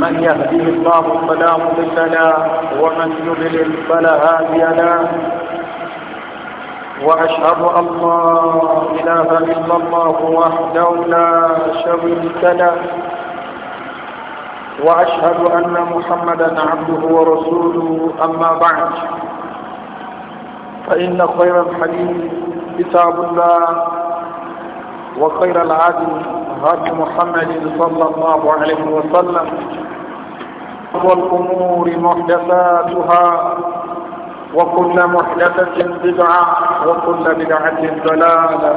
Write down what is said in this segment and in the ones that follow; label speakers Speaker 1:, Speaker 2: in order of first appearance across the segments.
Speaker 1: من يهديه الله فلا مضل له ومن يضلل فلا هادي له واشهد ان لا اله الا الله وحده لا شريك له واشهد ان محمدا عبده ورسوله اما بعد فان خير الحديث كتاب الله وخير العدل هدي محمد صلى الله عليه وسلم والأمور محدثاتها وكل محدثة بدعة وكل بدعة ضلالة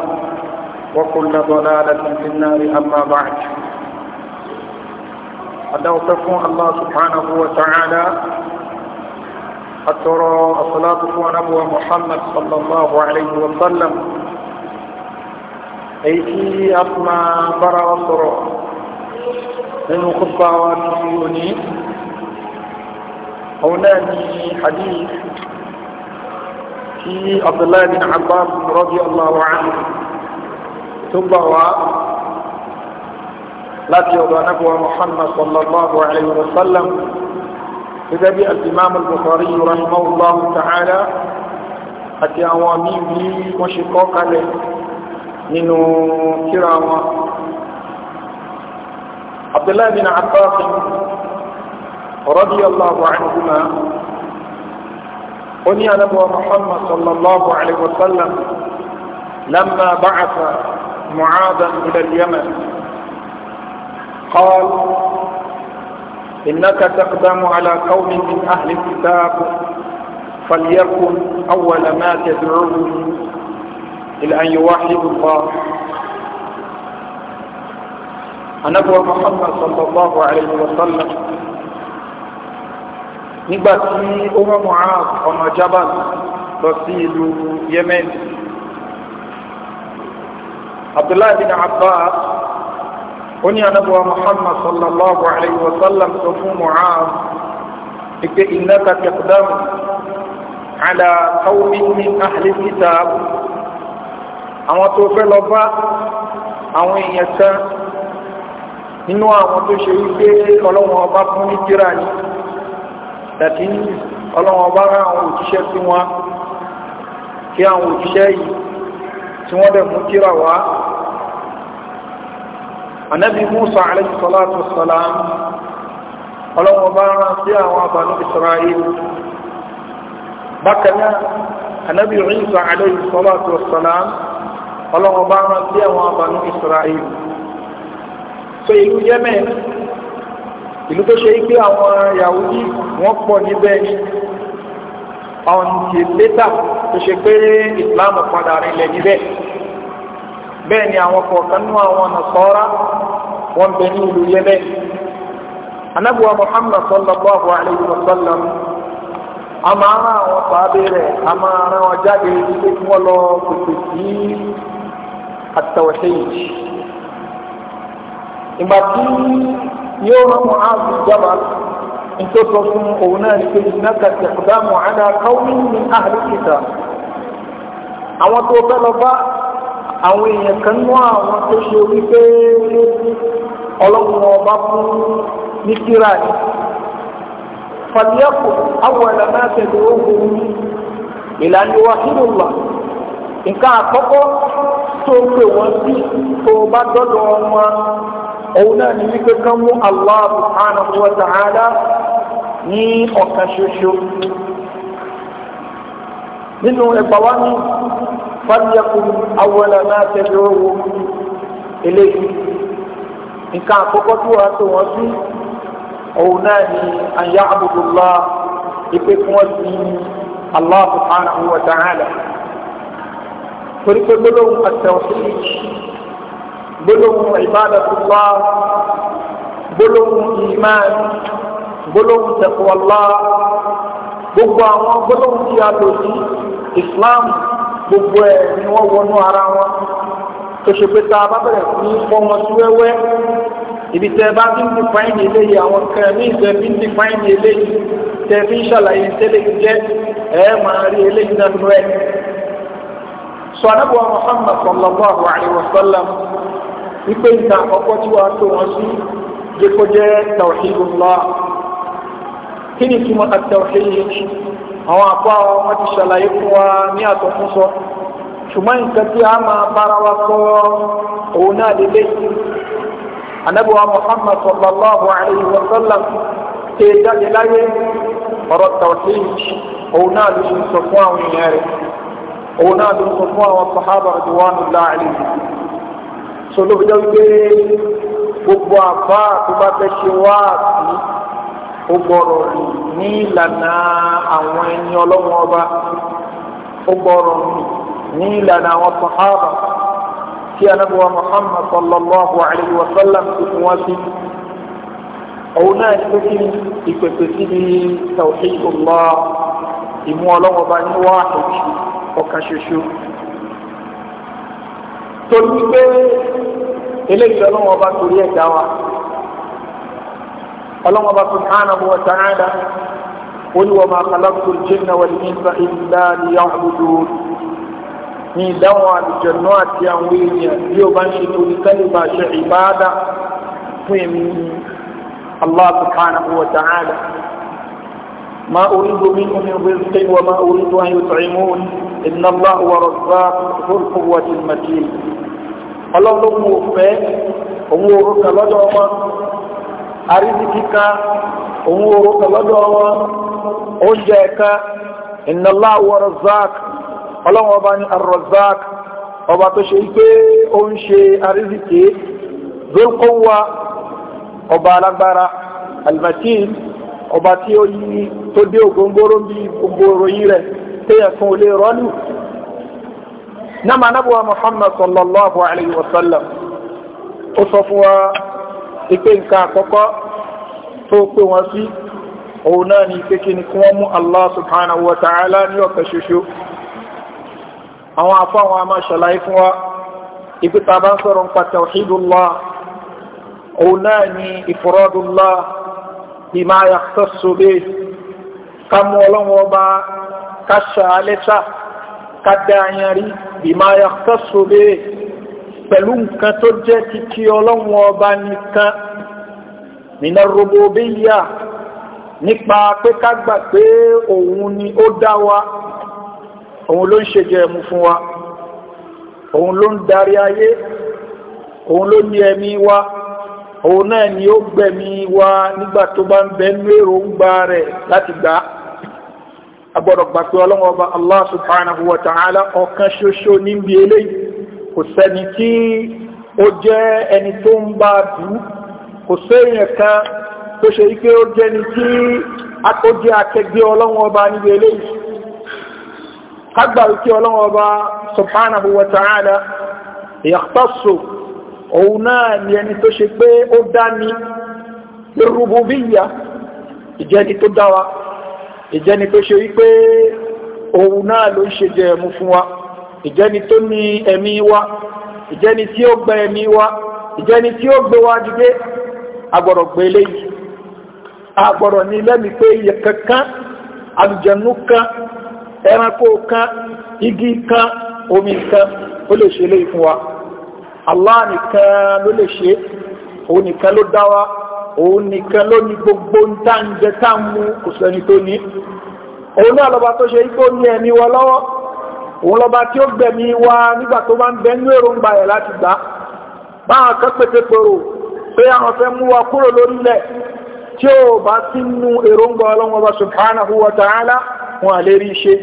Speaker 1: وكل ضلالة في النار أما بعد أدعوكم الله سبحانه وتعالى أترى الصلاة ونبوة محمد صلى الله عليه وسلم أيتي أسمى برا أصرى من خطبة واتيوني òun náà ni hadith tí abdullahi bin abbas radiyallahu anhu tó gbà wá láti ọ̀dọ̀ anábọ̀ muhammad sallallahu alayhi wa sallam gẹ́gẹ́ bí al-imam al-bukhari rahimahullahu ta'ala àti àwọn míì bí wọ́n ṣe kọ́ kalẹ̀ nínú kíra wọn abdullahi bin abbas رضي الله عنهما قل يا محمد صلى الله عليه وسلم لما بعث معاذا إلى اليمن قال إنك تقدم على قوم من أهل الكتاب فليكن أول ما تدعوهم إلى أن يوحدوا الله أنا محمد صلى الله عليه وسلم nígbà tí ó rán Mu'adh ọmọ Jabal lọ sí ìlú Yemen Abdullahi bin Abbas ó ní anábọ̀ Muhammad sallallahu alayhi wa sallam sọ fún Mu'adh ìpè innaka taqdamu ala qawmin min ahli kitab àwọn tó fẹ́ lọ bá àwọn èèyàn kan nínú àwọn tó ṣe wípé ọlọ́wọ́n ọba fún ní kíra ni tàbí ọlọ́wọ́n bá rán àwọn òjíṣẹ́ sí wọn kí àwọn òjíṣẹ́ yìí tí wọ́n dẹ̀ mú kíra wá ànábì Musa alayhi salatu wassalam ọlọ́wọ́n bá rán sí àwọn Banu Isra'il bákan náà ànábì Isa alayhi salatu bá rán sí àwọn Banu Isra'il ìlú tó ṣe pé àwọn Yahudi wọ́n pọ̀ níbẹ̀ ni until later tó ṣe pé Islam padà rinlẹ̀ níbẹ̀ bẹ́ẹ̀ ni àwọn kọ̀ọ̀kan nú àwọn Nasara wọ́n bẹ ní ìlú yẹbẹ́ anábùwà Muhammad sallallahu alayhi wa sallam a máa àwọn pàábé rẹ̀ a wọn jáde wípé kí wọ́n sí àtàwọ̀ṣe yìí ìgbà tí yóò rán Mu'az bin Jabal nítorí sọ fún òun náà ní pé innaka àwọn tó fẹ́ bá àwọn èèyàn kan nú àwọn tó ṣe wípé ọlọ́run ọba fún ní kíra ni fàlíyàpò awọ̀lẹ̀ náà tẹ̀lé ogun ní ìlànà nǹkan àkọ́kọ́ tó pè òun náà ní wípé kán mú Allah subhanahu wa ta'ala ní ọ̀kan ṣoṣo nínú ẹgbà wa ní fàlíyàkùn awọlà náà tẹ̀lé owó eléyìí nǹkan àkọ́kọ́ tó wà tó wọ́n sí òun náà ní àyà àbùdùlá ìpè kí wọ́n sí Allah subhanahu wa torí pé gbólóhùn àtẹ̀wọ̀sí yìí gbólóhùn ìbádàtúlá gbólóhùn ìmán gbólóhùn tẹ̀kọ̀ọ́lá gbogbo àwọn gbólóhùn tí a lò sí Islam gbogbo ẹ̀ ni wọ́n wọnú ara wọn tó ṣe pé tá a bá bẹ̀rẹ̀ sí fọ́ ibi tẹ bá fi ń di fáìn eléyìí àwọn kan ní ìtẹ fi ń di fáìn eléyìí tẹ fi ń ṣàlàyé tẹ́lẹ̀ jẹ́ ẹ máa rí eléyìí náà nú ẹ. sọ anábọ̀ Muhammad sallallahu alaihi wa sallam wípé nǹkan àkọ́kọ́ tí wàá tó wọn sí jẹ́ kó jẹ́ tawhidullah kí ni túmọ̀ at-tawhid àwọn àpá wọn ti ṣàlàyé fún wa ní àtọ̀kúnsọ ṣùgbọ́n nǹkan tí a máa bára wa sọ òun náà lè léyìí anabiwa muhammad sallallahu alayhi wa sallam ṣe jáde láyé ọ̀rọ̀ tawhid òun náà ló ń sọ fún àwọn èèyàn rẹ̀ òun náà ló sọ fún àwọn sahaba rẹ̀ wà nílá àlejò sọlọ́ fi jẹ́ wípé gbogbo àbá tó bá fẹ́ ṣe wá sí ó gbọ́rọ̀ rìn ní ìlànà àwọn ẹni ọlọ́wọ́n ọba ó gbọ́rọ̀ rìn ní ìlànà àwọn sàhábà tí anábọ̀wá Muhammad sallallahu alayhi wa sallam ti fún wá sí òun náà ní pé ìpèpè síbi tawhidullah ìmú ọlọ́wọ́n ọba ní wáhìí ọ̀kan ṣoṣo torí pé eléyìí ọlọ́wọ́n bá torí ẹ̀ dá wa ọlọ́wọ́n bá subhanahu wa ta'ala qul wa ma khalaqtul jinna wal insa illa liya'budun ní ìdáhùn àlùjẹ̀nú àti àwọn èèyàn bí ó bá ń ṣe torí kálíbà ṣe ìbáadà fún èmi Allah subhanahu wa ta'ala ma uridu minhum min rizqin wa ma uridu an yut'imun inna Allah wa razzaq dhul quwwati al-matin ọlọ́run ló mú òfẹ́ òun orúkọ lọ́dọ̀ wọn arísìkí ká òun orúkọ lọ́dọ̀ wọn oúnjẹ ẹ̀ka inna Allah wa razzaq ọlọ́run ọba ní ar-razzaq ọba tó ṣe pé ó ń ṣe arísìkí dhul ọba alágbára al ọba tí ó yí tó dé ògóngóró bí ògóngóró yí rẹ̀ téèyàn kan ò lè rọ́lù náà anábọ̀wá muhammad sallallahu alayhi wa sallam ó sọ fún wa ìpé nǹkan àkọ́kọ́ tó pé wọn sí òun náà ni ìpé kíni kí wọ́n mú allah subhanahu wa ta'ala ní ọ̀kẹ́ ṣoṣo àwọn afọ́wọn a máa ṣàlàyé fún wa ìpé ta bá ń sọ̀rọ̀ nípa tawhidullah òun ká ṣàálẹ́sà ká dáyàrí ya tọ́sọ̀lẹ̀ pẹ̀lú nǹkan tó jẹ́ títí ọlọ́run ọba nìkan nínú rububiyya nípa pé ká gbà pé òun ni ó dá wa òun ló ń ṣe jẹmu fún wa òun ló ń darí ayé òun ló ní ẹ̀mí wa òun náà ni ó gbẹ̀mí wa nígbà tó bá ń bẹ ní èròǹgbà rẹ̀ láti gbà agbọ́dọ̀ gbà pé ọlọ́wọ́ ọba Allah subhanahu wa ta'ala ọ̀kan ṣoṣo níbi eléyìí kò sẹ́ni tí ó jẹ́ ẹni tó ń bá dù kò sẹ́yìn kan tó ṣe wípé ó jẹ́ ni tí ó jẹ́ akẹgbẹ́ ọlọ́wọ́ ọba níbi eléyìí ìjẹni tó ṣe wípé òun náà ló ń ṣe jẹ ẹ̀mú fún wa ìjẹni tó ní ẹ̀mí wa ìjẹni tí ó gbẹ ẹ̀mí wa ìjẹni tí ó gbé wa dìde agbọ̀rọ̀ gbé léyìí agbọ̀rọ̀ ní lẹ́mi pé iye kankan àlùjànnú kan ẹranko kan igi kan omi kan ó lè ṣe léyìí fún wa Allah nìkan ló lè ṣe òun nìkan ló dá wa òun nìkan ló ní gbogbo ń tá ń jẹ tá ń mú kò sẹ́ni tó ní òun náà lọ́ba tó ṣe ikó ní ẹ̀mí wa lọ́wọ́ òun lọ́ba tí ó gbẹ̀mí wa nígbà tó bá ń bẹ ní èròǹgbà ẹ̀ láti gbà báwọn kan pété pèrò pé àwọn fẹ́ mú wa kúrò lórílẹ̀ tí ó bá sí nú èròǹgbà ọlọ́wọ́ wa subhanahu wa ta'ala wọn à lè rí ṣe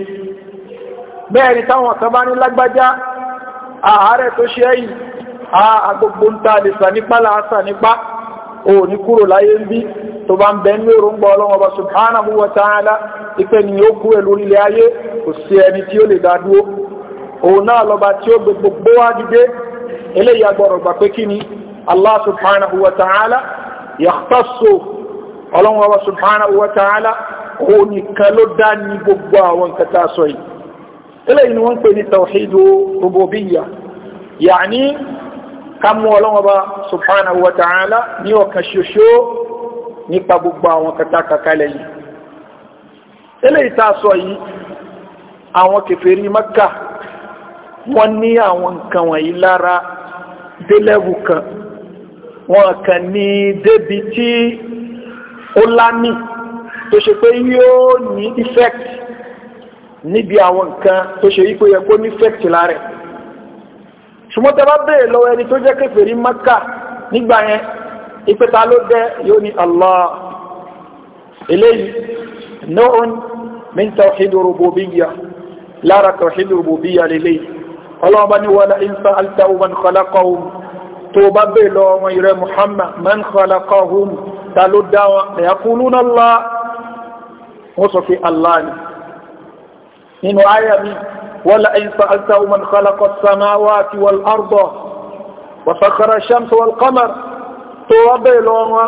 Speaker 1: bẹ́ẹ̀ ni táwọn kan bá ní lágbájá àárẹ̀ tó ṣe ẹ̀yìn àgbogbo ń ta lè sà làásà nípa o ní kúrò láyé ń bí tó bá ń bẹ ní èròǹgbà ọlọ́run ọba subhanahu wa ta'ala ipe ni yóò kú ẹ lórí ilẹ̀ ayé kò sí ẹni tí ó lè dá dúró òun náà lọ́ba tí ó gbogbo wá dìde eléyìí agbọ̀rọ̀ gbà pé kí ni allah subhanahu wa ta'ala yàtọ̀sọ ọlọ́run ọba subhanahu wa ta'ala òun nìkan ló dá ní gbogbo àwọn nǹkan tá a sọ yìí eléyìí ni wọ́n ń pè ní tawhidu rububiyya yàní ká mú ọlọ́wọ́n bá subhanahu wa ta'ala ní ọ̀kan ṣoṣo nípa gbogbo àwọn kàtàkàkalẹ̀ yìí eléyìí tá a sọ yìí àwọn kèfèrí Mẹ́kà wọ́n ní àwọn nǹkan wọ̀nyí lára délẹ́wù kan wọ́n kàn ní débi tí ó lámì tó ṣe pé yóò ní effect níbi àwọn nǹkan tó ṣe yí pé yẹ kó ní effect lára ẹ̀ ṣùgbọ́n tẹ bá bèèrè lọ́wọ́ ẹni tó jẹ́ kèfèrí Mẹ́kà nígbà yẹn ìpẹta ló dẹ yóò ní Allah eléyìí nóun min tawhid rububiyya lára tawhid rububiyya lélẹ́yìí ọlọ́ọ̀bá ní wala in sa'altahum man khalaqahum tó bá bèèrè lọ́wọ́ wọn ìrẹ́ Muhammad mi ولئن سألته من خلق السماوات والأرض وسخر الشمس والقمر توابي لونوا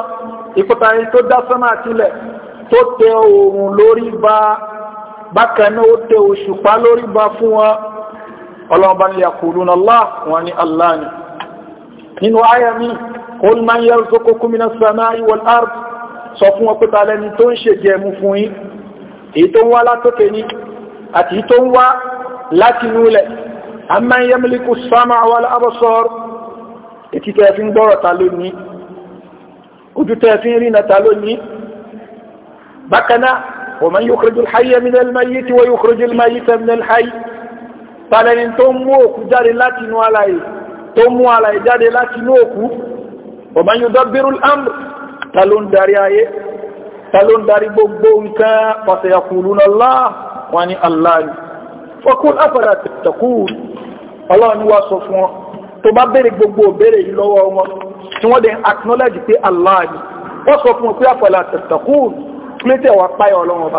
Speaker 1: إفتاين تدى سماتي تتي أورون لوري با بكنا أتي أشفا لوري با فوا اللهم بني يقولون الله واني الله nínú àyà mi قل من يرزقكم من السماء والأرض sọ fún wọn pẹ́ta lẹ́ni tó ń ṣe jẹmu fún yín èyí tó ń wá látòkè ní àti èyí tó ń wá láti núlẹ̀ amma yamliku sama wal abasar etí tẹ́ẹ̀fín gbọ́rọ̀ ta ló ní ojú tẹ́ẹ̀fín rí na ta ló ní bákaná wa man yukhrijul hayya minal mayyiti wa yukhrijul mayyita minal hayy tàlẹ́ni tó mú òkú jáde láti inú alàyè tó mú alàyè jáde láti inú òkú wa man yudabbirul wani Allah ni fọkún afẹ́lá tẹ̀kù ọlọ́run ni wá sọ fún wọn tó bá béèrè gbogbo béèrè yìí lọ́wọ́ wọn tí wọ́n dẹ̀ acknowledge pé Allah ni wọ́n sọ fún wọn pé afẹ́lá tẹ̀kù plétẹ̀ wà páyà ọlọ́run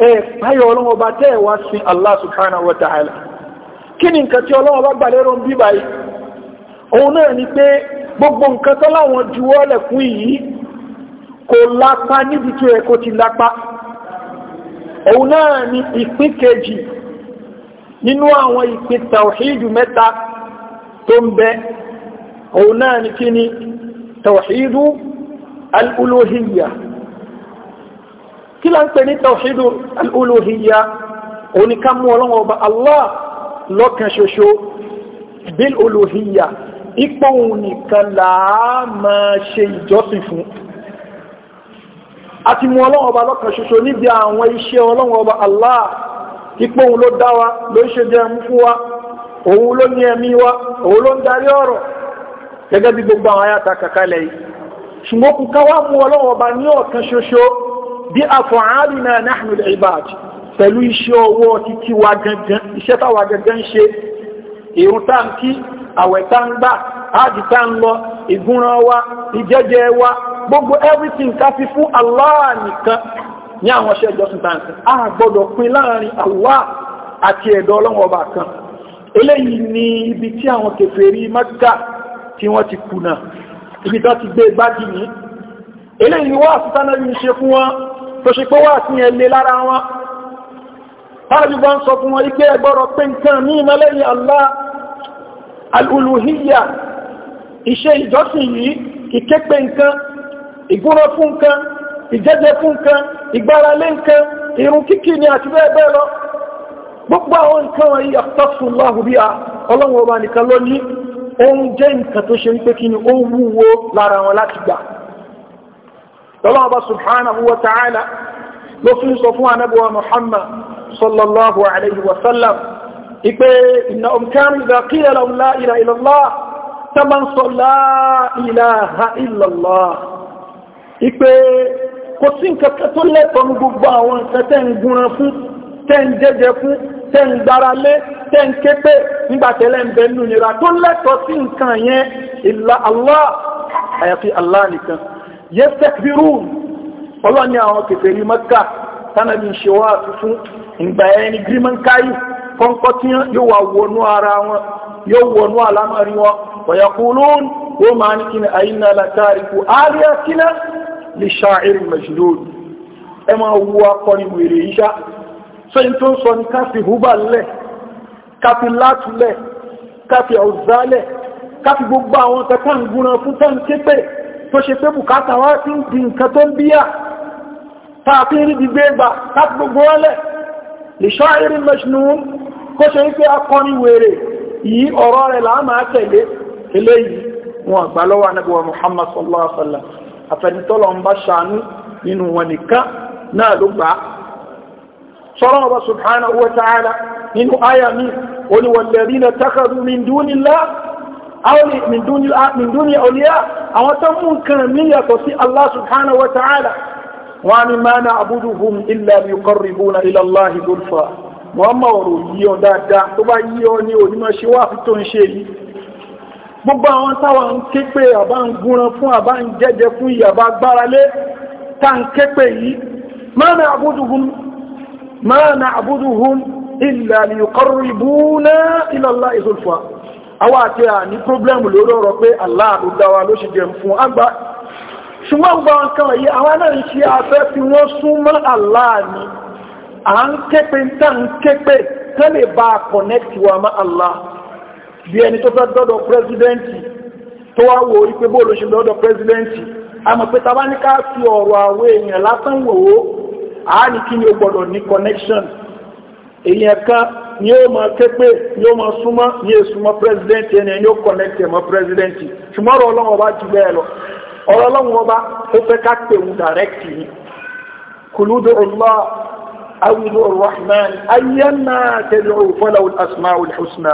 Speaker 1: Ee, páyọ̀ ọlọ́run ọba tẹ́ wá Allah subhanahu wa ta'ala kí ni nǹkan tí ọba gbàlérò ń bí báyìí òun náà ni pé gbogbo nǹkan tó láwọn juwọ́lẹ̀ fún yìí kò lápá níbi tí ti lápá ni al kí la ń pè ní tawhidu al-uluhiyya òní ká mú ọlọ́wọ́ ọba Allah lọ́kan ṣoṣo bil uluhiyya ipò òun nìkan làá máa ṣe ìjọsìn fún àti mú ọlọ́wọ́ ọba lọ́kan ṣoṣo níbi àwọn iṣẹ́ ọlọ́wọ́ ọba Allah ipò òun ló dá wa ló ṣe jẹun gẹ́gẹ́ bí gbogbo àwọn ayáta yìí ṣùgbọ́n kù wá mú ọlọ́wọ́ ní ọ̀kan ṣoṣo bí af'alina nahnu al-ibad pẹ̀lú iṣẹ́ ọwọ́ títí wa gangan iṣẹ́ táwa gangan ṣe ìrun tá ń kí àwẹ̀ tá ń gbà áàdì tá ń lọ ìgúnran wa ìjẹ́jẹ́ wa gbogbo everything ká fi fún Allah nìkan ní àwọn iṣẹ́ ìjọsìn tàǹsì a gbọ́dọ̀ pín láàrin Allah àti ẹ̀dọ́ ọlọ́wọ́ ọba kan eléyìí ni ibi tí àwọn kèfèrí Mẹ́kà wá àtúntánà yìí ṣe fún wọn tó ṣe pé wà sí ẹ̀lẹ́ lára wọn tàbíbá ń sọ fún wọn ipé ẹgbọ́rọ̀ pé nǹkan ní ìmọ́lẹ́yìn Allah al'uluhiyya iṣẹ́ ìjọsìn yìí ìképe nǹkan ìgúnrọ́ fún nǹkan ìjẹ́jẹ́ fún nǹkan ìgbáralé nǹkan irun kíkí ni àti bẹ́ẹ̀ bẹ́ẹ̀ lọ gbogbo àwọn nǹkan wọ̀nyí àtọ́sùnláhù lọ́lọ́ọ̀bá subhanahu wa ta'ala ló fi ń sọ fún anábíwa muhammad sallallahu alaihi wasallam ipe inna omkari um idha qila lahum la ilaha illallah ta ma ń sọ la ilaha illallah ipe kò sí nǹkan tó lẹ́tọ̀ọ́ ní gbogbo àwọn nǹkan tẹ́ ń gúnran fún tẹ́ ń jẹ́jẹ fún tẹ́ ń gbára lé tẹ́ ń ké pé nígbàtẹ́lẹ̀ ń bẹ nínú ìnira tó lẹ́tọ̀ọ́ sí nǹkan yẹn illa Allah àyàfi Allah nìkan yẹ́sẹ̀kìrún ọlọ́ni àwọn kèfèrí mọ́ká tánàbí ṣe wá tuntun ìgbà ẹni gírímọ̀ káyì kọ́ńkọ́ tí yóò wà wọnú ara wọn yóò wọnú àlámọ̀rí wọn wọ̀yàkùnún wọ́n máa ní kí ni àyínà látàríkù àríyá kíná lè ṣàìrì mẹ̀ṣìlóòdù ẹ máa wú akọni wèrè iṣá so in tó ń sọ ní káfí húbà lẹ̀ káfí látúlẹ̀ káfí ọ̀zálẹ̀ káfí gbogbo àwọn tẹ́kàn gúnran fún tán tó ṣe pé bùkátà wá sí di nǹkan tó ń bíyà tààfin rí gbígbé gbà láti gbogbo ọlẹ̀ lè ṣọ́ irin mẹ́ṣinúún kó ṣe wípé akọni wèrè yìí ọ̀rọ̀ rẹ̀ là máa tẹ̀lé eléyìí wọn àgbà lọ́wọ́ anábíwá Muhammad sallallahu alaihi wasallam àfẹnitọ́lọ̀ wọn gbà á àwọn mìndúnlé olíyá àwọn tó mú nǹkan ní yàtọ̀ sí Allah subhanahu wa ta'ala wọ́n ni máa na abuduhum illa yuqarribuna ila Allahi gulfa wọ́n mọ̀ ọ̀rọ̀ yí ọ dáadáa tó bá yí ọ ní onímọ̀ ṣe wá fi tó ń ṣe yìí gbogbo àwọn táwa ń ké pé àbá ń gúnran fún àbá ń jẹ́jẹ fún ìyàbá gbáralé tá ń ké pé yìí máa na abuduhum máa na abuduhum illa yuqarribuna ila Allahi àwọn àti à ní pọ́blẹ́mù lórí ọ̀rọ̀ pé Allah ló dá wa ló ṣe jẹun fún àgbà ṣùgbọ́n gba nǹkan yìí àwọn náà ń ṣe afẹ́ fi wọ́n súnmọ́ Allah ni à ń képe tá ń képe tẹ́lẹ̀ bá a connect wa Allah bí ẹni tó fẹ́ dọ́dọ̀ pírẹ́sidẹ́ǹtì tó wá wò wípé bó ló ṣe dọ́dọ̀ pírẹ́sidẹ́ǹtì àmọ́ pé ta bá ní ká fi ọ̀rọ̀ àwọn èèyàn lásán wò ó àá ní kí ni connection èèyàn kan ni yóò máa ké pé yóò máa súnmọ́ ní èsúnmọ́ pírẹsidẹ́ǹtì ẹni ẹni ó kọ̀nẹ́kì ẹ̀mọ́ pírẹsidẹ́ǹtì ṣùgbọ́n ọ̀rọ̀ ọlọ́run ọba jù bẹ́ẹ̀ lọ ọ̀rọ̀ ọlọ́run ọba ó fẹ́ ká pè wù dàrẹ́kì ni kùlùdù ọlọ́ awùdù ọ̀rọ̀hman ayyana tẹ̀lé òfọlá asma olùhùsùnà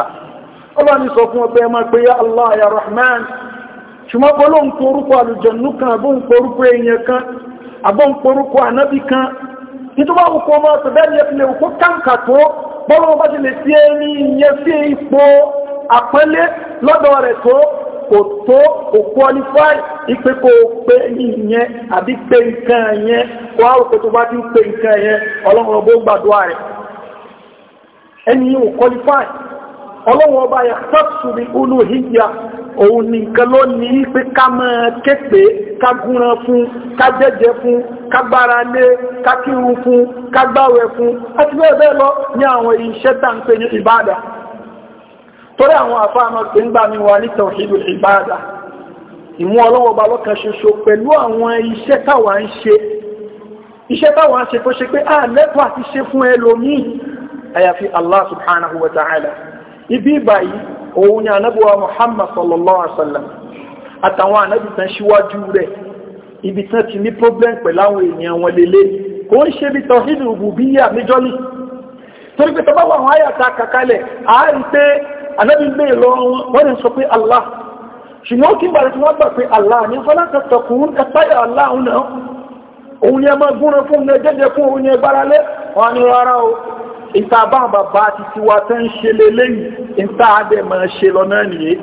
Speaker 1: ọba mi sọ fún ọgbẹ́ máa pé ya allah ya rahman ṣùgbọ́n bọ́lọ́ ń korúkọ àlùjọ̀nù kan àbọ̀ ń korúkọ èèyàn kan àbọ̀ ń korúkọ kan nítorí àwọn kò máa tó bẹ́ẹ̀ yẹn kanka lè kó kàǹkà tó bọ́lá wọn bá ti lè fi ẹni yẹn fi ipò àpẹ́lé lọ́dọ̀ rẹ̀ tó kò tó kò qualify ipe kò pe ìyẹn àbí pe nǹkan yẹn kò àwọn ti ń nǹkan yẹn ọlọ́run ọgbó gbàdúrà rẹ̀ ẹni qualify ọlọ́run ọba òun nìkan ló ní pé ká máa képe ká gúnran fún ká jẹ́jẹ́ fún ká gbára lé ká kírun fún ká gbáwẹ̀ fún àti bẹ́ẹ̀ bẹ́ẹ̀ lọ ní àwọn iṣẹ́ tá ń pè ní ìbáàdà torí àwọn àfáàmọ́ pé ń gbà mí wà ní tawhidul ìbáàdà ìmú ọlọ́wọ́ ba ṣoṣo pẹ̀lú àwọn iṣẹ́ táwa ń ṣe iṣẹ́ táwa ń ṣe tó ṣe pé a ah, lẹ́tọ̀ọ́ àti ṣe fún ẹlòmíì àyàfi Allah subhanahu wa ta'ala ibi ìgbà òun ni anábíwa muhammad sallallahu alaihi wasallam àtàwọn anábì tán síwájú rẹ̀ ibi tán ti ní problem pẹ̀lú àwọn èèyàn wọn lélẹ̀ kò ń ṣe bí tọ́hídì rùbùbíyà níjọ́lì torí pé tọ́bá wà wọ́n àyàtà kàkálẹ̀ àárí pé anábì gbé e lọ wọ́n ni sọ pé allah ṣùgbọ́n kí bàrẹ̀ tí wọ́n gbà pé allah ní fọlá ni a máa gúnra fún un ní ẹjẹ́jẹ́ fún òun ní ẹgbáralé ìta bá bàbá àti tiwa tẹ́ ń ṣe lélẹ́yìn ìta àdẹ̀ máa ṣe lọ náà nìyẹn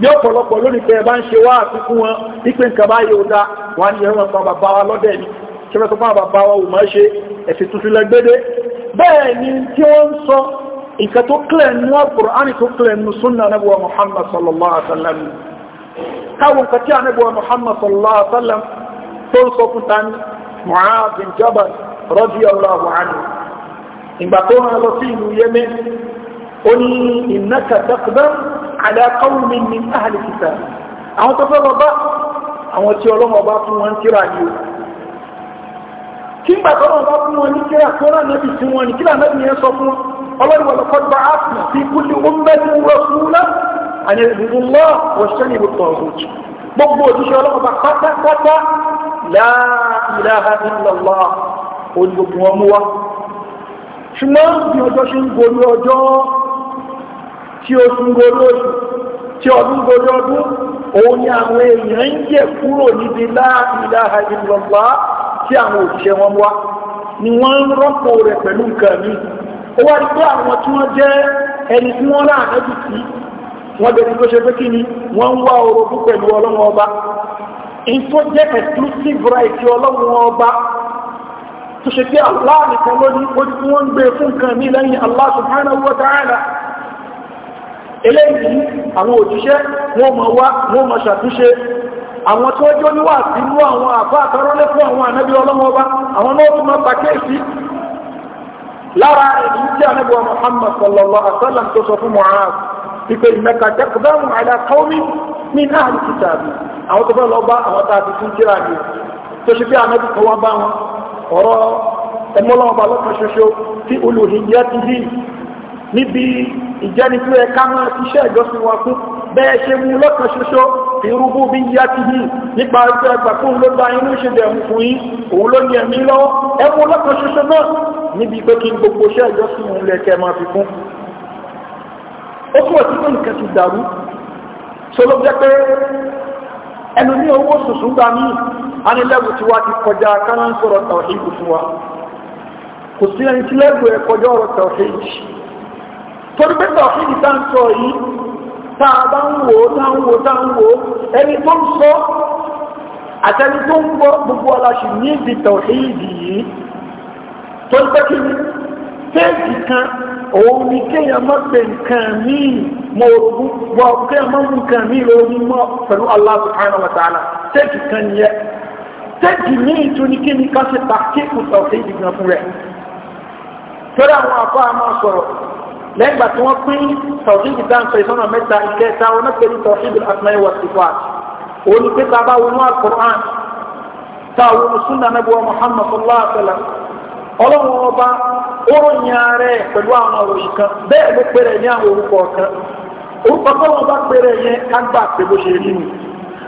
Speaker 1: bí ọ̀pọ̀lọpọ̀ lónìí pé ẹ bá ń ṣe wá àfikún wọn wípé nǹkan bá yóò dá wọn ni ẹran pa bàbá wa lọ́dẹ̀ ni kí wọ́n sọ fún bàbá wa ò máa ṣe ẹ̀sìn tuntun lẹ́gbẹ́dẹ́ bẹ́ẹ̀ ni tí wọ́n ń sọ nǹkan tó kílẹ̀ nínú Al-Qur'ani tó kílẹ̀ nínú súnà anábùwà Muhammad sallallahu alaihi wa sallam káwọn nǹkan tí Muhammad sallallahu alaihi wa ìgbà tó rán lọ sí ìlú Yemen ó ní innaka taqdam ala qawmin min ahli kitab àwọn tó fẹ́ lọ bá àwọn tí ọlọ́mọ bá fún wọn tíra ni o kí gbà tó rán bá fún wọn ní kíra tó rán nábì sí wọn ní kíra nábì yẹn sọ fún wọn ọlọ́run lọ́kọ́ gba áàpù sí kulli ummatin rasula an i'budu-llaha wajtanibu at-taghut gbogbo òṣìṣẹ́ ọlọ́mọba pátápátá la ilaha illallah ṣùgbọ́n bí ọjọ́ ṣe ń gorí ọjọ́ tí ó tún gorí oṣù tí ọdún gorí ọdún òun ni àwọn èèyàn ń kúrò níbi la ilaha tí àwọn òṣìṣẹ́ wọn wá ni wọ́n ń rọ́pò rẹ̀ pẹ̀lú mi pé àwọn tí wọ́n jẹ́ ẹni tí wọ́n tó ṣe pé Allah nìkan lórí orí tí wọ́n ń gbé fún nǹkan ní lẹ́yìn Allah subhanahu wa ta'ala eléyìí àwọn òjíṣẹ́ wọ́n mọ̀ wá wọ́n mọ̀ ṣàtúnṣe àwọn tó jọ níwà sí inú àwọn àbá àtọrọlé fún àwọn ànábí ọlọ́wọ́ bá àwọn náà tún máa pa kéèsì lára èyí tí ànábí wa Muhammad sallallahu alaihi tó sọ fún Mu'adh ipe innaka taqdamu ala qawmin min ahli kitabi àwọn tó fẹ́ lọ bá àwọn tá tún kíra ọ̀rọ̀ ẹmọ́lọ́ọ̀bà lọ́kàn ṣoṣo tí olùhìyẹ́ ti bí níbi ìjẹ́nijú ẹ̀ká máa ṣiṣẹ́ ìjọsìn wa fún bẹ́ẹ̀ ṣe mú lọ́kàn ṣoṣo ìrúbú bí yá ti yìí nípa ẹgbẹ́ ẹgbà fún ló bá inú ṣe dẹ̀mù fún yí òun ló ní ẹ̀mí lọ́wọ́ ẹmú lọ́kàn ṣoṣo náà níbi pé kí gbogbo ṣẹ́ ìjọsìn anilẹ́bù tí wá ti kọjá kánà ń sọ̀rọ̀ tàwíìdì fún wa kò sí ẹni tí lẹ́bù ẹ̀ kọjá ọ̀rọ̀ tàwíìdì torí pé tàwíìdì tá ń sọ yìí tá a bá ń wò ó tá ń wò ó tá ń wò ó ẹni tó ń sọ àtẹni tó ń gbọ́ kan òun ni kéèyàn má gbé nǹkan míì mọ orogún wọ kéèyàn má mú nǹkan míì lórí mọ pẹ̀lú Allah subhanahu wa kan yẹ sẹ́ẹ̀dì míì kí ni ká ṣe tàkíkù tọ̀fẹ́ ìdìgbà fún rẹ̀ tọ́lá àwọn àkọ́ àmọ́ sọ̀rọ̀ lẹ́gbà tí wọ́n pín tọ̀fẹ́ ìsọ́nà mẹ́ta ìkẹta onípẹ̀lú pé ta bá wọnú Muhammad ọlọ́run ọba ó pẹ̀lú àwọn òròyìn kan bẹ́ẹ̀ ló pèrè ní àwọn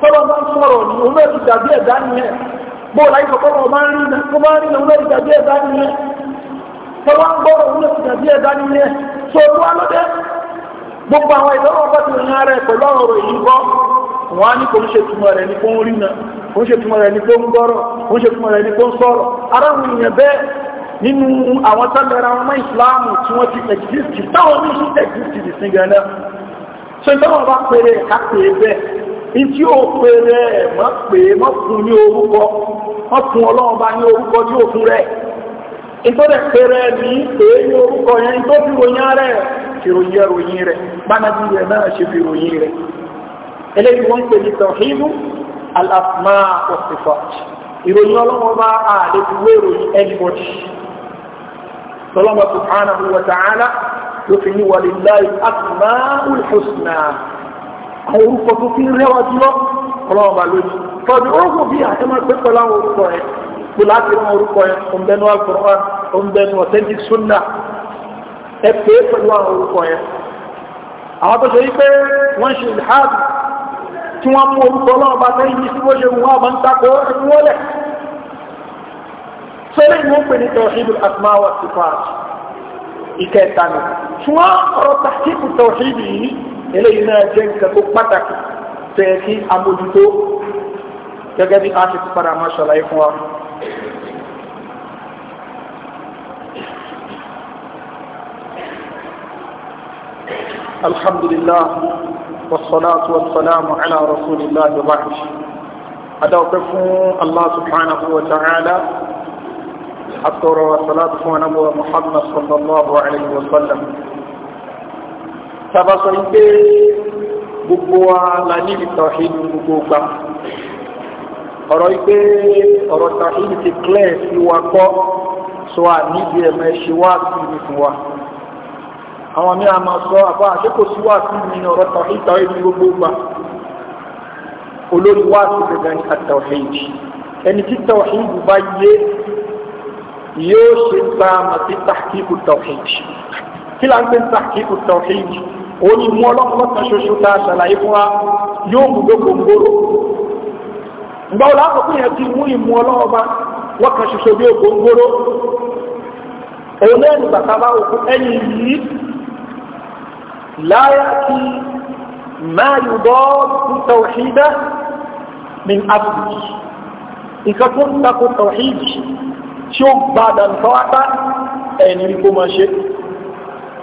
Speaker 1: tọ́lọ́ bá ń sọ̀rọ̀ ní òun náà ti dàbí ẹ̀dá nìyẹn bóòlù ayé kọ́kọ́ máa ń rí iná kó máa ń rí iná òun náà ti dàbí ẹ̀dá nìyẹn tọ́lọ́ ń gbọ́rọ̀ òun náà ti dàbí ẹ̀dá nìyẹn tó olúwa ló dé gbogbo àwọn ìdánwò bá ti rìn ara ẹ̀ pẹ̀lú ọ̀rọ̀ yìí gbọ́ wọn á ní kò ń ṣe túmọ̀ rẹ̀ ní kó ń rí iná kò ń ṣe túmọ̀ rẹ̀ ní kó ń gbọ́rọ̀ kò ń ṣe túmọ̀ rẹ̀ ní kó ń sọ̀rọ̀ aráwọ̀ èèyàn bẹ́ẹ̀ nínú àwọn sábẹ́ra ọmọ ìsìláàmù tí wọ́n ti exist táwọn oníṣẹ́ exist sí gan ìtí ò pèrè ẹ̀ mọ́ pé mọ́ fún ní orúkọ mọ́ fún ọlọ́run bá ní orúkọ tí ò fún rẹ̀ ìtọ́lẹ̀ pèrè ní èyí orúkọ yẹn tó fi ròyìn rẹ̀ fi ròyìn ròyìn rẹ̀ bánàbí rẹ̀ náà ṣe fi ròyìn rẹ̀ eléyìí wọ́n ń pè ní tọ̀hínú al-asma ìròyìn ọlọ́run àìrúkọ tó fi rẹwà jùlọ ọlọ́wọ́ bá lójú tọ́jú orúkọ bí àtẹ́mọ́ pé pẹ̀lú àwọn orúkọ ẹ̀ pé láti rán orúkọ ẹ̀ ọ̀nbẹ́nu Al-Qur'an ọ̀nbẹ́nu authentic sunnah ẹ pé pẹ̀lú àwọn orúkọ ẹ̀ àwọn tó ṣe yí pé wọ́n ṣe ìhádùn tí wọ́n mú orúkọ ọlọ́wọ́ bá tẹ́yìn ní síbó ṣe àbá ń takò ẹ̀kú wọlé sọ́lé eléyìí náà jẹ́ nǹkan tó pàtàkì tẹ̀ kí amójútó gẹ́gẹ́ bí a ti padà máa ṣàlàyé fún wa. الحمد لله والصلاة والسلام على رسول الله وبعد أدوكف الله سبحانه وتعالى أطر والصلاة ونبوة محمد صلى الله عليه وسلم tàbá sọ yìí pé gbogbo wa la níbi tàwíìdì gbogbo gbà ọ̀rọ̀ yìí pé ọ̀rọ̀ tàwíìdì ti clear sí wa kọ́ sọ à níbi ẹ̀mẹ́ ṣe wá sí ibi fún wa àwọn mi àmà sọ àbá àṣekò sí wá sí mi ọ̀rọ̀ tàwíìdì tàwíìdì gbogbo gbà olórí wá sí gẹ́gẹ́ ní àtàwíìdì ẹni tí tàwíìdì bá yé yóò ṣe gba àmà sí tàkíkù tàwíìdì kí la ń pè tàkíkù tàwíìdì ó ní mú ọlọ́pọ̀lọpọ̀ ṣoṣo ta ṣàlàyé fún wa yóò mú gbogbo gbòòrò ìgbà wọlé àkọ́kọ́ yẹn ti mú ìmú ọlọ́ọba wọ́n kan ṣoṣo bí ògbóngbóró òun náà ní bàtà bá òkú ẹni yìí láyà kí máa yù bọ́ tó ń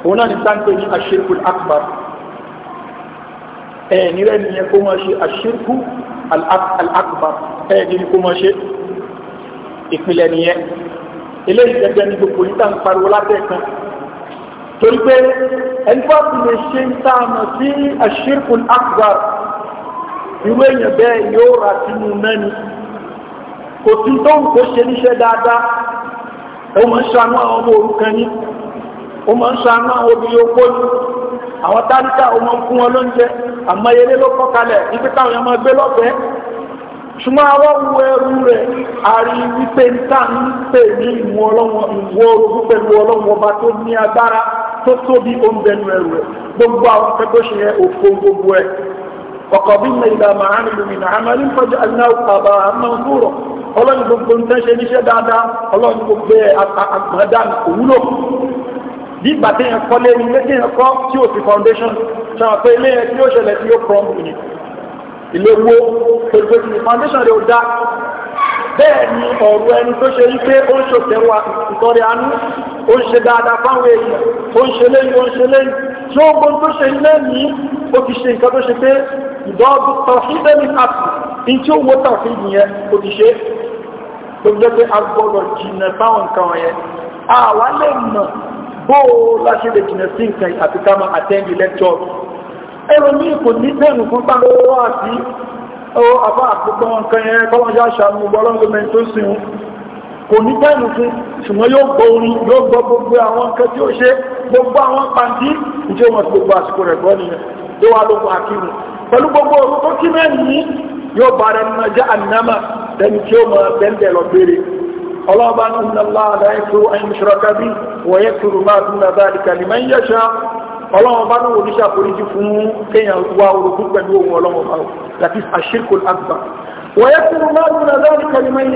Speaker 1: òun náà ní sáńpé ní àṣírkù akbar ẹ̀ẹ̀ni rẹ̀ ní ẹkọ́ máa ṣe àṣírkù akbar ẹ̀ẹ̀ni ní kó máa ṣe ìpìlẹ̀ nìyẹn ilé ìgbẹ́gbẹ́ ní gbogbo yíta ń pariwo látẹ̀ẹ̀kan torí pé ẹni bá fi lè ṣe ń tààmà sí àṣírkù akbar irú èèyàn bẹ́ẹ̀ yóò rà sínú mẹ́ni kò tún tó ń kó ṣe níṣẹ́ dáadáa ó ń ṣàánú àwọn ọmọ òrukàn yìí ó máa ń ṣàánú àwọn obìnrin opó ni àwọn táríkà ó máa ń fún wọn lóúnjẹ àmọ́ ló kọ́ ibi táwọn yẹn máa gbé lọ́fẹ̀ẹ́ ṣùgbọ́n àwọn wo ẹrú rẹ̀ àrí wípé ń pè ní ìwọ orogún pẹ̀lú gbogbo àwọn akẹ́kọ̀ọ́ ṣe gbogbo ẹ̀ ọkọ̀ bí mi ìlà màá gbogbo ń tẹ́ ṣe níṣẹ́ dáadáa ọlọ́run gbogbo ẹ̀ àgbàdàn òwúlò bí ìgbà tí yẹn kọ́ lé ní méjì yẹn kọ́ tí ò sí foundation ṣàwọn pé ilé yẹn tí ó ṣẹlẹ̀ tí ó crumble ni ilé pẹ̀lú ní foundation rẹ̀ ò dá bẹ́ẹ̀ ni ọ̀rọ̀ ẹni tó ṣe wípé ó ń ṣòtẹ́wà ìtọ́rẹ àánú ó ń ṣe dáadáa fáwọn èèyàn ó ń ṣe lẹ́yìn ó ń ṣe lẹ́yìn tí ó gbọ́n tó ṣe ilé ní ó ti ṣe nǹkan tó ṣe pé ìdọ́ọ̀bù tọ̀fídẹ́mì àpù ní tí ó wó tàfí ìyẹn ó ti ṣe tó jẹ́ pé agbọ́dọ̀ jìnnà báwọn nǹkan yẹn àwa lè mọ̀ bó o láṣẹ lè jìnà sí nǹkan àti ká máa attend the lecture ẹ̀rọ ní kò ní tẹ́ẹ̀nù fún bá lọ́wọ́ àti ọwọ́ àbá àpópọ̀ nǹkan yẹn kọ́wọ́n já ṣàmù ọlọ́gbẹ̀mẹ̀ tó sìn kò ní tẹ́ẹ̀nù fún ṣùgbọ́n yóò gbọ́ orin yóò gbọ́ gbogbo àwọn nǹkan tí ó ṣe gbogbo àwọn pàǹtí ìjọ wọn gbogbo àsìkò rẹ̀ ọlọ́ọ̀bá ní ìlàlá àdáyẹ́kúrú ẹ̀yìnṣọ́rọ̀kábí wọ̀nyẹ́kúrú máa tún náà bá àdìkàlì máa ń yẹ́ṣà ọlọ́ọ̀bá ní oníṣà foríjì fún kéèyàn wá orogún pẹ̀lú ohun ọlọ́ọ̀bá that is ashirkul akbar wọ̀nyẹ́kúrú máa tún náà bá àdìkàlì máa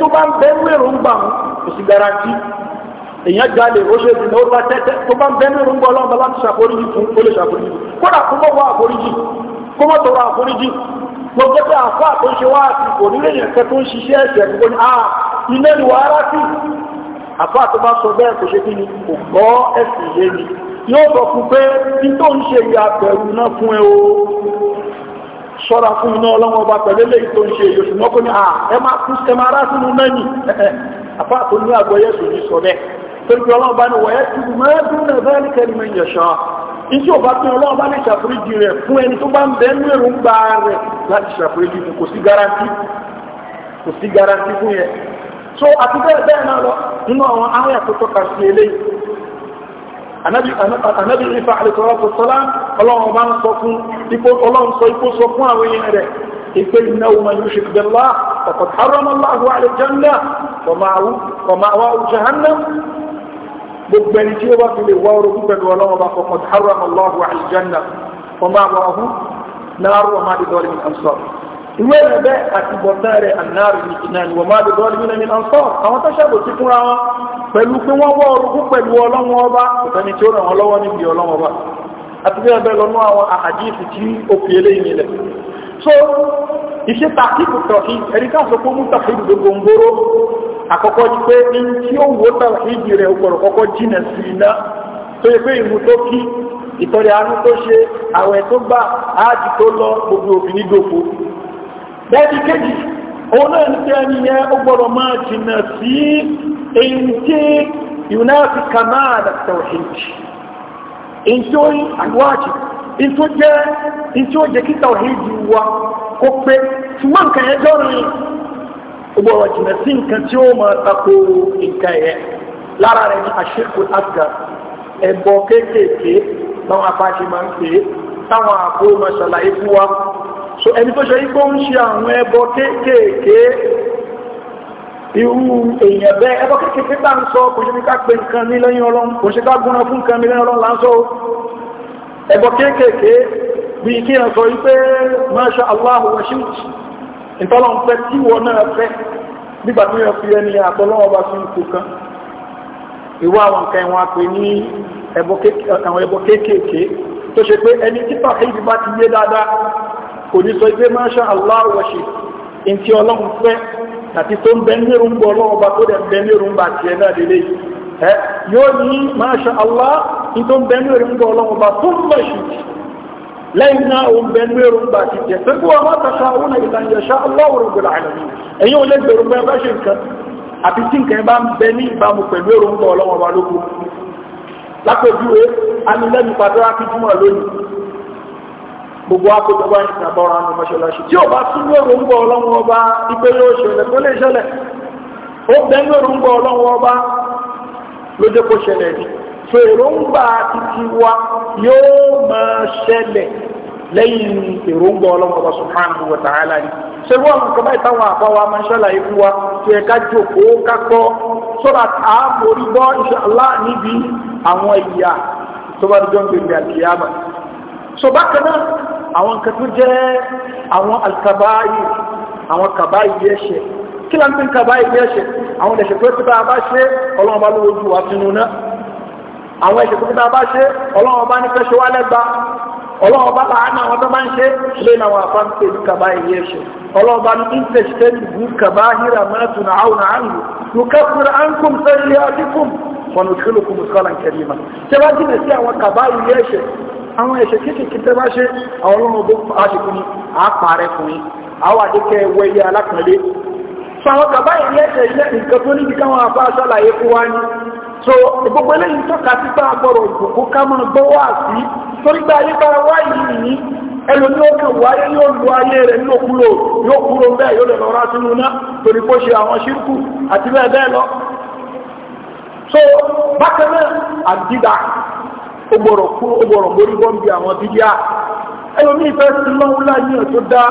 Speaker 1: tó bá ń bẹ́rù èròǹgbà kò ọlọ́ọ̀bá láti ṣàforíjì fún ó lè ṣàforíjì kódà kó àforíjì kó mọ́ tọrọ àforíjì mo jẹ́ pé àfá tó ń ṣe wá àti onílé yẹn kẹ́ tó ń ṣiṣẹ́ ẹ̀ṣẹ̀ gbogbo ni ah ilé ni wàá rá sí àfá tó bá sọ bẹ́ẹ̀ kò ṣe kí ni kò gbọ́ ẹ̀sìn yé ni yóò sọ fún pé kí tó ń ṣe ìyá bẹ̀rù náà fún ẹ o ṣọ́ra fún iná ọlọ́wọ́ ọba pẹ̀lú ilé tó ń ṣe èyí oṣù mọ́kún ní ah, ẹ máa kú ẹ máa rá sínú mẹ́yìn àfá tó ní àgbọ̀yẹ̀sùn yìí sọ bẹ́ẹ̀ torí pé ọlọ́wọ́ bá ní wọ̀nyẹ́ ti mẹ́ẹ̀dún náà bẹ́ẹ̀ mẹ́yìn ẹ̀ṣọ́ iṣẹ́ ọba pé ọlọ́run bá lè ṣàforíjì rẹ̀ fún ẹni tó bá ń bẹ ní èròǹgbà rẹ̀ láti ṣàforíjì fún kò sí garanti kò sí garanti fún yẹn so àti bẹ́ẹ̀ bẹ́ẹ̀ náà lọ nínú àwọn àwọn àtúntò kà sí eléyìí anabi anabi ifa alayisalaatu salaam ọlọ́run bá ń sọ fún ipò ọlọ́run sọ ipò sọ fún àwọn èèyàn rẹ̀ ìpè ìnáwó man yushrik billah faqad harrama Allahu alayhi al-jannah wa gbogbo ẹni tí ó bá fi lè wá orogún pẹ̀lú ọlọ́wọ́ bá fọkàn tí haram allahu aljanna ọmọ àwọn ọhún náírà ọmọ àdìdọ́lì ní ansọ́ ìwé rẹ̀ bẹ́ẹ̀ àti bọ̀tán rẹ̀ ànáàrì ní iná ni ọmọ àdìdọ́lì ní ansọ́ àwọn tó ṣàbòsí fúnra wọn pẹ̀lú pé wọ́n wá orogún pẹ̀lú ọlọ́wọ́ ọba iṣẹ́ takíkù tọ̀hí ẹni ká sọ pé mú tàfíìdì tó gbòǹgbòrò àkọ́kọ́ ni pé ní tí ó wò tàfíìdì rẹ̀ ọgbọ̀rọ̀ kọ́kọ́ jìnà sí iná tó yẹ pé ìmú tó kí ìtọ́rẹ àánú tó ṣe àwẹ̀ tó gbà áàdì tó lọ gbogbo òfin ní dòfo bẹ́ẹ̀ni kejì òun náà ní pé ẹni yẹn ó gbọ́dọ̀ máa jìnà sí èyí tí yùnáàfi kàmáà tàfíìdì èyí tó ń àgbáàjì ìtò jẹ́ ìtò jẹ́ kíta òhìdì wa kó pé ṣùgbọ́n nǹkan yẹn jọ rìn gbogbo ọ̀rọ̀ jìnnà sí nǹkan tí ó máa tako nǹkan yẹn lára rẹ̀ ní àṣekù àgbà ẹ̀bọ kéékèèké táwọn apáṣe máa ń pè é táwọn àbó máa ṣàlàyé fún wa so ẹni tó ṣe yí pé ó ń ṣe àwọn ẹbọ kéékèèké irú èèyàn bẹ́ẹ̀ ẹbọ kéékèèké tá à ń sọ kò ṣe ní ká pe nǹkan mi lẹ́yìn ọlọ́run kò ṣe ká gúnra fún nǹkan mi lẹ́yìn ọlọ́run là ń sọ ẹbọ kéékèèké bí kí ẹ sọ wípé masha Allah wa shi'ta ìtọ́lọ̀ ń fẹ́ tí wọ́n náà fẹ́ nígbà tí wọ́n fi ẹni àtọ́lọ́wọ́ bá fi ń kó kan ìwà àwọn nǹkan ìwọ̀n àpè ní àwọn ẹbọ tó ṣe pé ẹni masha Allah wa shi'ta ìntí ọlọ́run fẹ́ àti tó ń bẹ nírùngbọ̀ ọlọ́run bá tó ẹ yóò ní masha allah ní tó ń bẹ ní èròǹgbà ọlọ́run bá tó ń bẹ̀ ṣù lẹ́yìn náà ó ń bẹ ní èròǹgbà ti jẹ pé kó wa má tàṣà àwọn ìlànà ìyàṣà allah rabbul alamin ẹ̀yin ò lè gbèrò pé bá ṣe nǹkan àti tí nǹkan bá ń bẹ ní ìbámu pẹ̀lú èròǹgbà ọlọ́run bá lóko lápẹjúwe amílẹ́nu pàtó akíjúmọ̀ ọba ìpè yóò ṣẹlẹ̀ tó lè ṣẹlẹ̀ ó bẹ́ẹ̀ ní èròǹgbà ọlọ́run ọba lójó kó ṣẹlẹ̀ ni so èròǹgbà títí wa yóò máa ṣẹlẹ̀ lẹ́yìn èròǹgbà ọlọ́mọba subhanahu wa ta'ala ni ṣerú àwọn nǹkan báyìí táwọn àpá wa máa ń ṣàlàyé fún wa tó yẹ ká jókòó sọ́dà tá a borí bọ́ ìṣàlá níbi àwọn ìyá tó bá dúdú gbèndé àkìyàmà so bákan náà àwọn nǹkan tó jẹ́ àwọn alkabayi àwọn kabayi ẹ̀ṣẹ̀ kí la ń pín kaba ìdí ẹ̀ṣẹ̀ àwọn ẹ̀ṣẹ̀ tó ti bá a bá ṣe ọlọ́run bá ló wojú wa sínú náà àwọn ẹ̀ṣẹ̀ tó ti bá a bá ṣe ọlọ́run bá ní fẹ́ ṣe wá lẹ́gba ọlọ́run bá láàánú àwọn tó bá ń ṣe lé ní àwọn afá ń pè ní kaba ìdí ẹ̀ṣẹ̀ ọlọ́run bá ní ìfẹ̀ṣẹ̀ ìbú kaba híra mẹ́tún àwọn àrùn nùkẹ́kùnrin àǹkùn sẹ́yìn àdínkùn fọnùkìlùkùn mùsùlùmí kẹrìmà tí wọ́n jìnà sí àwọn kaba ìdí ẹ̀ṣẹ̀ àwọn ẹ̀ṣẹ̀ kéékèèké tẹ́ bá ṣe àwọn ọlọ́run bó aṣèkùn ní àpàrẹ fún yín àwọn àdékẹ́ wẹ̀yẹ alákùnrin so àwọn kàbá yìí lẹ́sẹ̀ ilé nǹkan tó níbi káwọn afá ṣàlàyé fún wa ni so gbogbo eléyìí tọ́ka sípà gbọ́rọ̀ ìkòkó ká máa gbọ́ wá sí torí pé ayé bá wá yìí ní ẹlòmí ó kàn wáyé yóò lu ayé rẹ̀ ní òkúlò yóò kúrò bẹ́ẹ̀ yóò lè lọ rá sínú náà torí kó ṣe àwọn ṣírkù àti bẹ́ẹ̀ bẹ́ẹ̀ lọ so bákan náà àdídà ó gbọ́rọ̀ kú ó gbọ́rọ̀ mórí bọ́m̀bì àwọn bídíà ẹlòmí ìfẹ́ sí lọ́wọ́ láyé tó dáa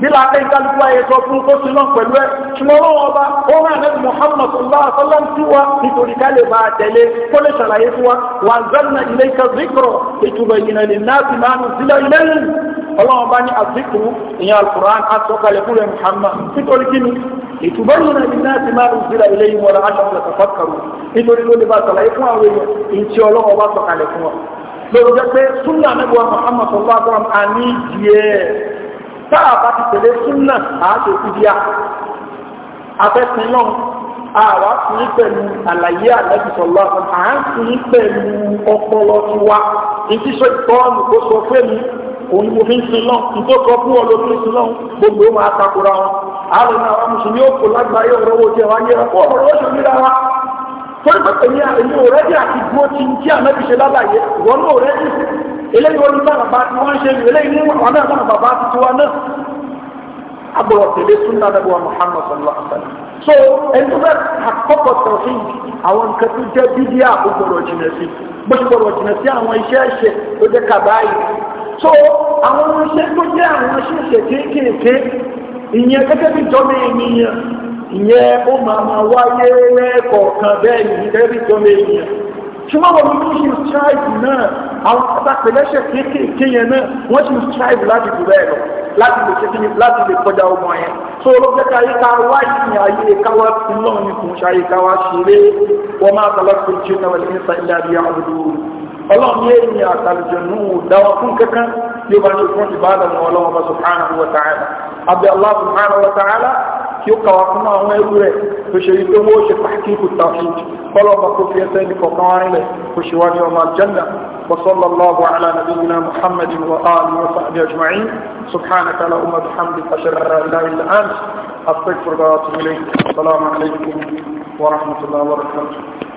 Speaker 1: nílà pé kálukú ayé sọ fún kó sinú pẹ̀lú ẹ̀ ṣùgbọ́n ọba ó rà ní muhammad allah sallam tí wa nítorí ká lè máa tẹ̀lé kó lè ṣàlàyé fún wa wà zanna ilé ka zikro ìtumọ̀ ìyìnà lè náà fi máa nù sílẹ̀ ilé yìí ọlọ́run bá ní azikru ìyẹn alukur'an asọ́kalẹ̀ fún rẹ̀ muhammad nítorí kí ni ìtumọ̀ ìyìnà lè náà fi máa nù sílẹ̀ ilé yìí wọ́n rà aṣọ nítorí ló lè bá ṣàlàyé fún àwọn èèyàn ìtì ọlọ́run bá sọ̀kalẹ̀ fún wa lórí jẹ́ pé súnà nígbà muhammad sallallahu alaihi tá a bá ti tẹ̀lé súnà àáṣe fídíà afẹ́sìn náà àwa fún yín pẹ̀lú àlàyé àlẹ́bìsọ̀lọ́ à ń fún yín pẹ̀lú ọpọlọ tiwa ìdí sọ ìtọ́nù kó sọ fún mi òun kò fi ń sin náà nítorí ọkọ fún ọ ló fi ń sin náà gbogbo ó máa takora wọn àwọn ọmọ àwọn mùsùlùmí ó kò lágbàáyé ọ̀rọ̀ owó tiẹ̀ wáyé ọ̀pọ̀ ọ̀rọ̀ ó ṣe níra wa torí pé èmi ò àti dúró ti ń tí àmẹ́bí ṣe lálàyé ìwọ náà rẹ́dí eléyìí wọn náà bá ti wọn ṣe eléyìí ní wọn náà náà bàbá ti tiwa náà agbọ̀rọ̀ tẹ̀lé súnà nàbẹ̀wà Muhammad sallallahu alaihi wa sallam so ẹni bẹ́ẹ̀ àkọ́kọ́ tọ̀sí àwọn nǹkan tó jẹ́ bíbí àgbọ̀rọ̀ jìnà sí bó ṣe gbọ̀rọ̀ jìnà sí àwọn iṣẹ́ ẹ̀ṣẹ̀ tó jẹ́ kàbáyé so àwọn iṣẹ́ tó jẹ́ àwọn iṣẹ́ ẹ̀ṣẹ̀ kéékèèké ìyẹn gẹ́gẹ́ bí jọmọ ènìyàn ìyẹn ó máa máa wáyé lẹ́ẹ̀kọ̀ọ̀kan bẹ́ẹ̀ ni gẹ́gẹ́ bí jọmọ ènìyàn ṣùgbọ́n wọn ní ṣe ṣáàjì náà àwọn àtàpẹ̀lẹ́ṣẹ̀ kéékèèké yẹn náà wọ́n sì ń strive láti jù bẹ́ẹ̀ lọ láti lè ṣẹ́kí láti lè kọjá ọmọ yẹn tó olóògbẹ́ta ayíká wá ìsìn ayé káwá fún lọ́wọ́ ní kùn ṣáyé káwá ṣeré wọ́n máa tọ́lá tó jí náà lè sa ilé àbí àwùjọ ọlọ́run yé ní àtàlùjọ̀nù dáwọn fún kankan yóò bá ṣe fún ìbáàdàn wọn ọlọ́wọ́ bá subhanahu wa ta'ala abẹ́ allah subhanahu wa ta'ala kí ó kàwà fún àwọn ẹrú rẹ̀ tó ṣe rí pé wọ́n ṣe pàkíkù tawhid kọlọ́ọ̀bà kó fi ẹsẹ̀ ní kọ̀ọ̀kan wá nílẹ̀ kó ṣe wá ní ọmọ aljanna وصلى الله على نبينا محمد وآله وصحبه أجمعين سبحانك اللهم وبحمدك أشهد أن لا إله إلا أنت أستغفرك وأتوب إليك السلام عليكم ورحمة الله وبركاته